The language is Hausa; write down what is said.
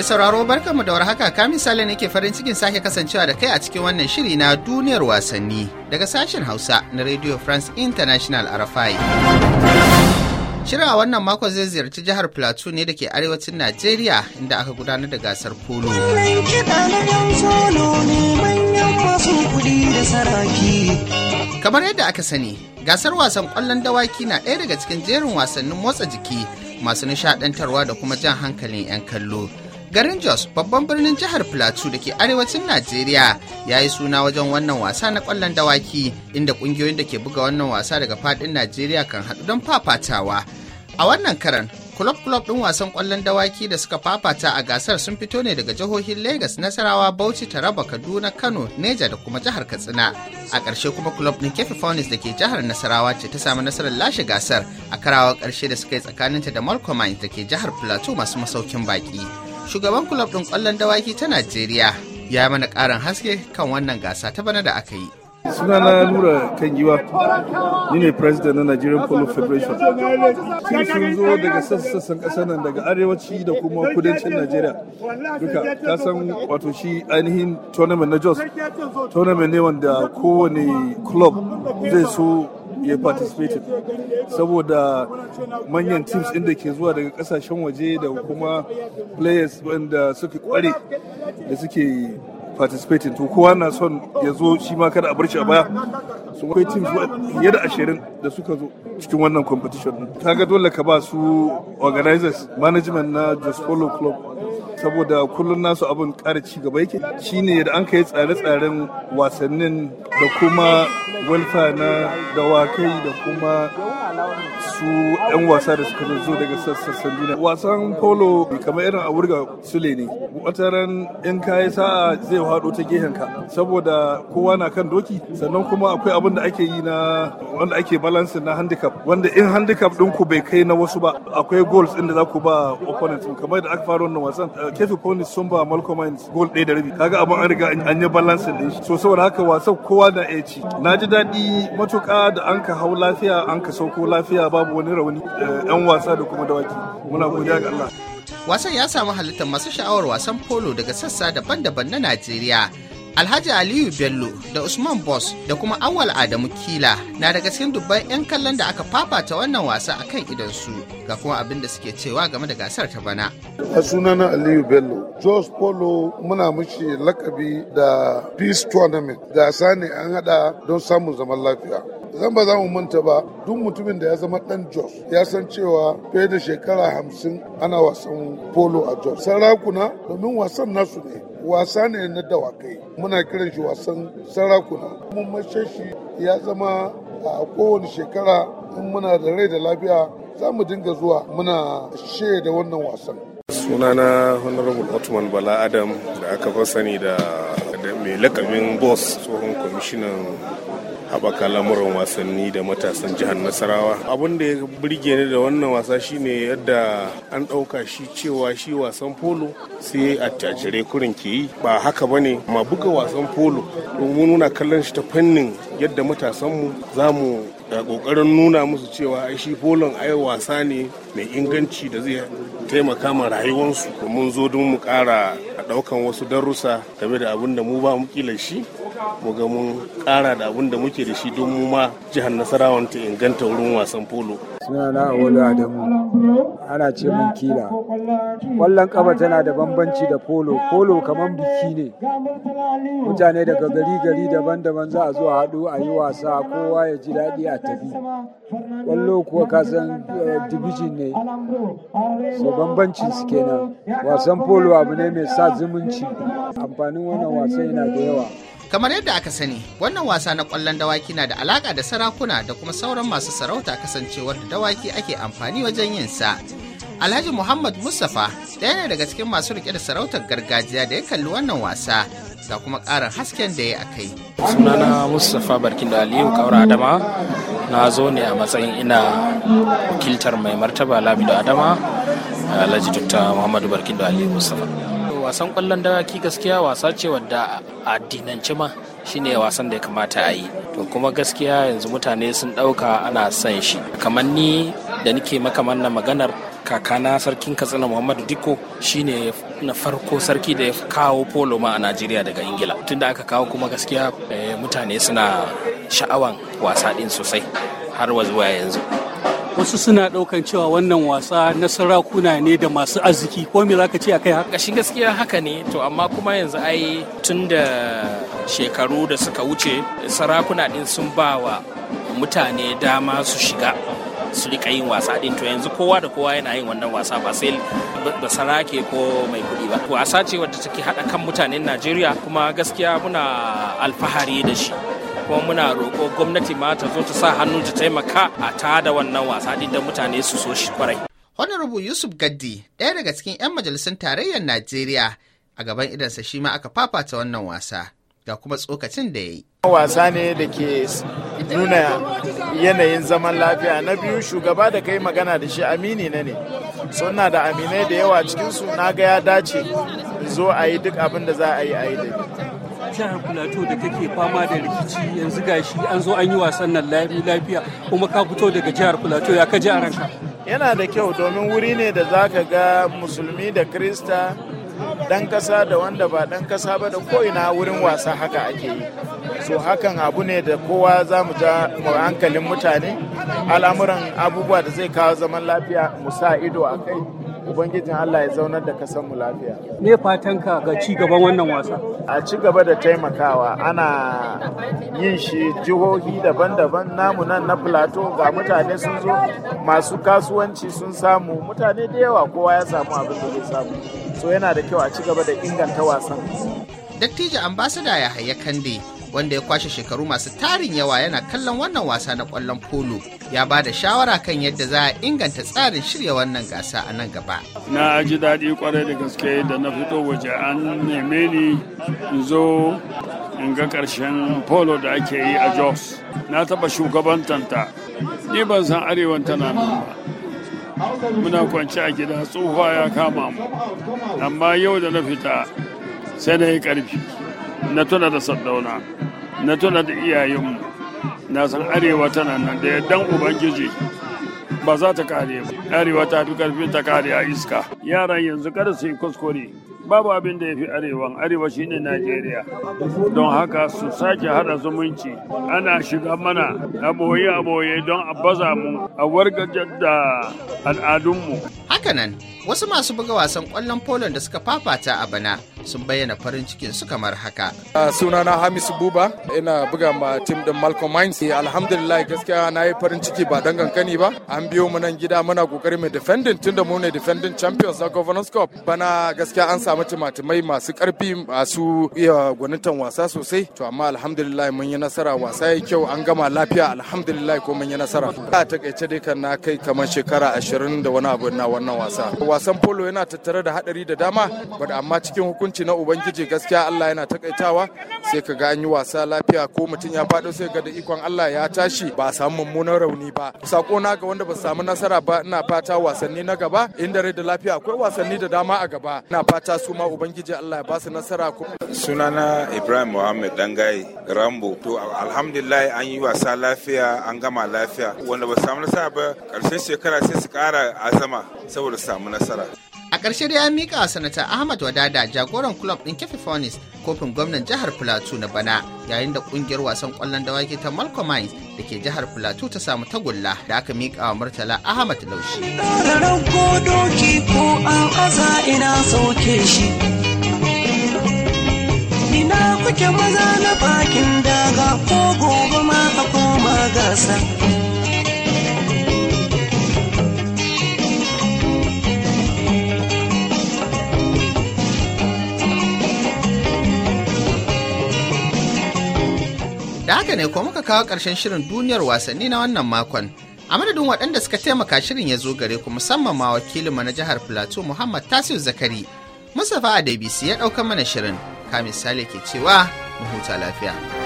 Mai sauraro mu da warhaka kamin sale ne ke farin cikin sake kasancewa da kai a cikin wannan shiri na duniyar wasanni daga sashen Hausa na Radio France International RFI. Shirin a wannan mako zai ziyarci jihar Plateau ne da ke arewacin Najeriya inda aka gudanar da gasar polo. Kamar yadda aka sani, gasar wasan ƙwallon dawaki na ɗaya daga cikin jerin wasannin motsa jiki masu nishaɗantarwa da kuma jan hankalin 'yan kallo. Garin Jos babban birnin jihar Plateau da ke arewacin Najeriya ya yi suna wajen wannan wasa na kwallon dawaki inda ƙungiyoyin da ke buga wannan wasa daga fadin Najeriya kan haɗu don fafatawa. A wannan karan, kulob-kulob ɗin wasan kwallon dawaki da suka fafata a gasar sun fito ne daga jihohin Legas, Nasarawa, Bauchi, Taraba, Kaduna, Kano, Neja da kuma jihar Katsina. A ƙarshe kuma kulob ɗin Kefi Faunis da ke jihar Nasarawa ce ta samu nasarar lashe gasar a karawar ƙarshe da suka yi tsakaninta da Malcolm da ke jihar Plateau masu masaukin baƙi. shugaban kulab ɗin ƙwallon dawaki ta najeriya ya mana ƙarin haske kan wannan gasa ta bana da aka yi sunana nura kan giwa ni ne president na nigerian polo federation sun sun zo daga sassan kasa nan daga arewaci da kuma kudancin nigeria duka ta san wato shi ainihin tournament na jos tournament ne wanda kowane club zai so ya participating saboda manyan teams inda ke zuwa daga kasashen waje da kuma players wanda suke kware da suke participating to kowa na son ya zo shi ma kada a bar shi a baya su akwai teams fiye da ashirin da suka zo cikin wannan competition ta ga dole ka ba su organizers management na Jos follow Club saboda kullum nasu abin ƙara ci gaba yake shine da an kai tsare-tsaren wasannin da kuma walfa na dawakai da kuma su 'yan wasa da suka zo daga sassan duniya wasan polo kamar irin a wurga sule ne wata ran in kayi sa'a zai haɗo ta gehen ka saboda kowa na kan doki sannan kuma akwai abin da ake yi na wanda ake balance na handicap wanda in handicap ɗin ku bai kai na wasu ba akwai goals din da za ku ba opponent kamar da aka fara wannan wasan kefi pony sun ba malcolm mines goal ɗaya da rabi kaga abin an riga an yi balance din shi so saboda haka wasan kowa na ya ci na ji daɗi matuƙa da an ka hau lafiya an ka sauko lafiya babu wani rauni eh, yan wasa da kuma dawaki muna godiya ga Allah wasan ya samu halittar masu sha'awar wasan polo daga sassa daban-daban na Najeriya Alhaji Aliyu Bello da Usman Boss da kuma Awal Adamu Kila na daga cikin dubban 'yan kallon da aka fafata wannan wasa a kan su, ga kuma abin da suke cewa game da gasar ta bana. A sunana Aliyu Bello, Jos Polo muna mishi lakabi da Peace Tournament gasa ne an hada don samun zaman lafiya. zan ba za mu manta ba duk mutumin da ya zama dan jos ya san cewa fiye da shekara hamsin ana wasan polo a jos sarakuna domin wasan nasu ne wasa ne na dawakai muna kiran shi wasan sarakuna mun mace shi ya zama a kowane shekara in muna da rai da lafiya za mu dinga zuwa muna da wannan wasan sunana honorable otman bala adam da aka fasani da da mai lakabin boss tsohon kwamishinan haɓaka lamuran wasanni da matasan jihar nasarawa abin da ya birge ni da wannan wasa shine yadda an ɗauka shi cewa shi wasan polo sai a tajire kurin ke yi ba haka ba ne ma buga wasan polo domin nuna kallon shi ta fannin yadda matasanmu za mu da kokarin nuna musu cewa ai shi polon ai wasa ne mai inganci da zai taimaka ma rayuwarsu mun zo don mu kara a daukan wasu darussa game da abin da mu ba mu kila shi mu ga mun kara da abin da muke da shi don mu ma jihar nasarawan ta inganta wurin wasan polo suna na awolu adamu ana ce mun kila ƙwallon ƙafa tana da bambanci da polo polo kamar biki ne mutane daga gari gari daban-daban za a zo a haɗu a yi wasa kowa ya ji daɗi a tafi ƙwallo kuwa kasan eh, division ne so bambancin su kenan wasan polo abu ne mai sa zumunci amfanin wannan wasan yana da yawa kamar yadda aka sani wannan wasa na kwallon dawaki na da alaka da sarakuna da kuma sauran masu sarauta kasancewar da dawaki ake amfani wajen yin sa alhaji muhammad mustapha ɗaya ne daga cikin masu riƙe da sarautar gargajiya da ya kalli wannan wasa ga kuma ƙarin hasken da ya yi a kai sunana mustapha barkin da aliyu kaura adama na zo ne a matsayin ina wakiltar mai martaba da adama alhaji dutta muhammadu barkin da aliyu mustapha wasan kwallon dawaki gaskiya wasa ce wadda a addinance ma shine wasan da ya kamata a yi to kuma gaskiya yanzu mutane sun ɗauka ana son shi kamar ni da nike maka manna maganar kakana sarkin katsina muhammadu diko shine na farko sarki da ya kawo polo ma a najeriya daga ingila tunda aka kawo kuma gaskiya eh, mutane suna sha'awan wasa ɗin sosai har wa zuwa yanzu wasu suna ɗaukan cewa wannan wasa na sarakuna ne da masu arziki ko me zaka ce akai haka shi gaskiya haka ne to amma kuma yanzu ai tun da shekaru da suka wuce sarakuna din sun ba wa mutane dama su shiga su rika yin wasa din to yanzu kowa da kowa yana yin wannan wasa ba sai da sarake ko mai kuɗi ba wasa ce wadda take haɗa kan mutanen najeriya kuma gaskiya muna alfahari da shi kuma muna roƙo gwamnati ma ta zo ta sa hannu ta taimaka a ta da wannan wasa din da mutane su so shi kwarai. Honorable Yusuf Gaddi ɗaya daga cikin 'yan majalisun tarayyar Najeriya a gaban idansa shi ma aka fafata wannan wasa ga kuma tsokacin da ya yi. Wasa ne da ke nuna yanayin zaman lafiya na biyu shugaba da kai magana da shi amini na ne suna da aminai da yawa cikinsu na ga ya dace zo a yi duk abin da za a yi a yi da jihar plateau da take fama da rikici yanzu gashi an zo an yi wasan nan lafiya kuma ka fito daga jihar plateau ya ka ji a ranka yana da kyau domin wuri ne da za ka ga musulmi da krista dan kasa da wanda ba dan kasa ba da ko'ina wurin wasa haka ake yi so hakan abu ne da kowa za mu ja hankalin mutane al'amuran abubuwa da zai kawo zaman lafiya mu sa ido a kai ubangijin Allah ya zaunar da kasan mu lafiya me fatan ka ga ci gaban wannan wasa a ci gaba da taimakawa ana yin shi jihohi daban-daban namu nan na plateau ga mutane sun zo masu kasuwanci sun samu mutane da yawa kowa ya samu abin da zai samu so yana da kyau a ci gaba da inganta wasan dattijo ambasada ya kande wanda ya kwashe shekaru masu tarin yawa yana kallon wannan wasa na kwallon polo ya ba da shawara kan yadda za a inganta tsarin shirya wannan gasa a nan gaba na ji daɗi kwarai da gaske da na fito waje an neme ni in zo in ga ƙarshen polo da ake yi a jos na taɓa shugabantanta ni ban san arewan tana nan ba muna kwanci a gida tsohuwa ya kama mu amma yau da na fita sai na yi ƙarfi na tuna da saddauna na tuna da iyayenmu na san arewa tana nan da yardan ubangiji ba za ta kare ba arewa ta fi karfin ta kare a iska yaran yanzu kada su yi kuskure babu abin da ya fi Arewa arewa shine najeriya don haka su sake hada zumunci ana shiga mana aboye aboye don a baza mu a wargajar da al'adunmu hakanan wasu masu buga wasan kwallon polon da suka fafata a bana sun bayyana farin cikin su kamar haka. sunana Hamisu Buba ina buga ma tim din Malcolm Mines. Eh, alhamdulillah gaskiya na yi farin ciki ba dan kankani ba. An biyo mu nan gida muna kokari mai defending tunda mu ne defending champions na Governors Cup. Bana gaskiya an samu timatimai masu karfi masu iya gwanitan wasa sosai. To amma alhamdulillah mun yi nasara wasa ya kyau an gama lafiya alhamdulillah ko mun yi nasara. A takaice dai kan na kai kamar shekara ashirin da wani abu na wannan wasa. Wasan polo yana tattare da hadari da dama, amma cikin hukunci hukunci na ubangiji gaskiya Allah yana takaitawa sai ka ga an yi wasa lafiya ko mutum ya faɗo sai ga da ikon Allah ya tashi ba a samu mummunan rauni ba sako na ga wanda ba su samu nasara ba ina fata wasanni na gaba inda rai da lafiya akwai wasanni da dama a gaba ina fata su ma ubangiji Allah ya ba su nasara ko sunana Ibrahim Muhammad Dangai Rambo to alhamdulillah an yi wasa lafiya an gama lafiya wanda ba samu nasara ba karshen shekara sai su kara azama saboda samu nasara ƙarshe dai an miƙa sanata Ahmad Wadada jagoran kulob ɗin Kefi Fonis kofin gwamnan jihar Filato na bana yayin da ƙungiyar wasan ƙwallon dawaki ta Malcolm Mines da ke jihar Filato ta samu tagulla da aka miƙa wa Murtala Ahmad Laushi. ko doki ko ina sauke shi. Ina kuke maza na bakin daga ko gobe ma a koma gasa. haka ne kuma muka kawo ƙarshen shirin duniyar wasanni na wannan makon. A madadin waɗanda suka taimaka shirin ya zo gare ku musamman ma wakilin na jihar Plateau Muhammad Tasiu Zakari. Mustapha Adebisi ya ɗauka mana shirin, kamin Sale ke cewa mu huta lafiya.